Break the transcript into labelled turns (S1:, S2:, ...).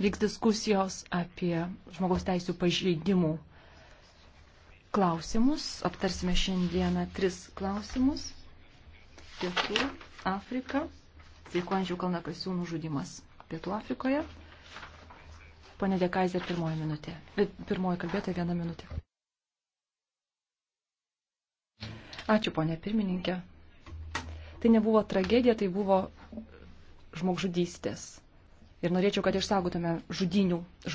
S1: vyks diskusijos apie žmogaus teisų pažeidimų klausimus. Aptarsime šiandieną tris klausimus. Pietų Afrika, sveikuojančių kalnakasių nužudimas Pietų Afrikoje. Pane Dekaiser, pirmoji minutė. E, pirmoji kalbėtoja viena minutė. Ačiū, ponė pirmininkė. Tai nebuvo tragedija, tai buvo žmogžudystės ir norėčiau, kad išsaugotume žudinių,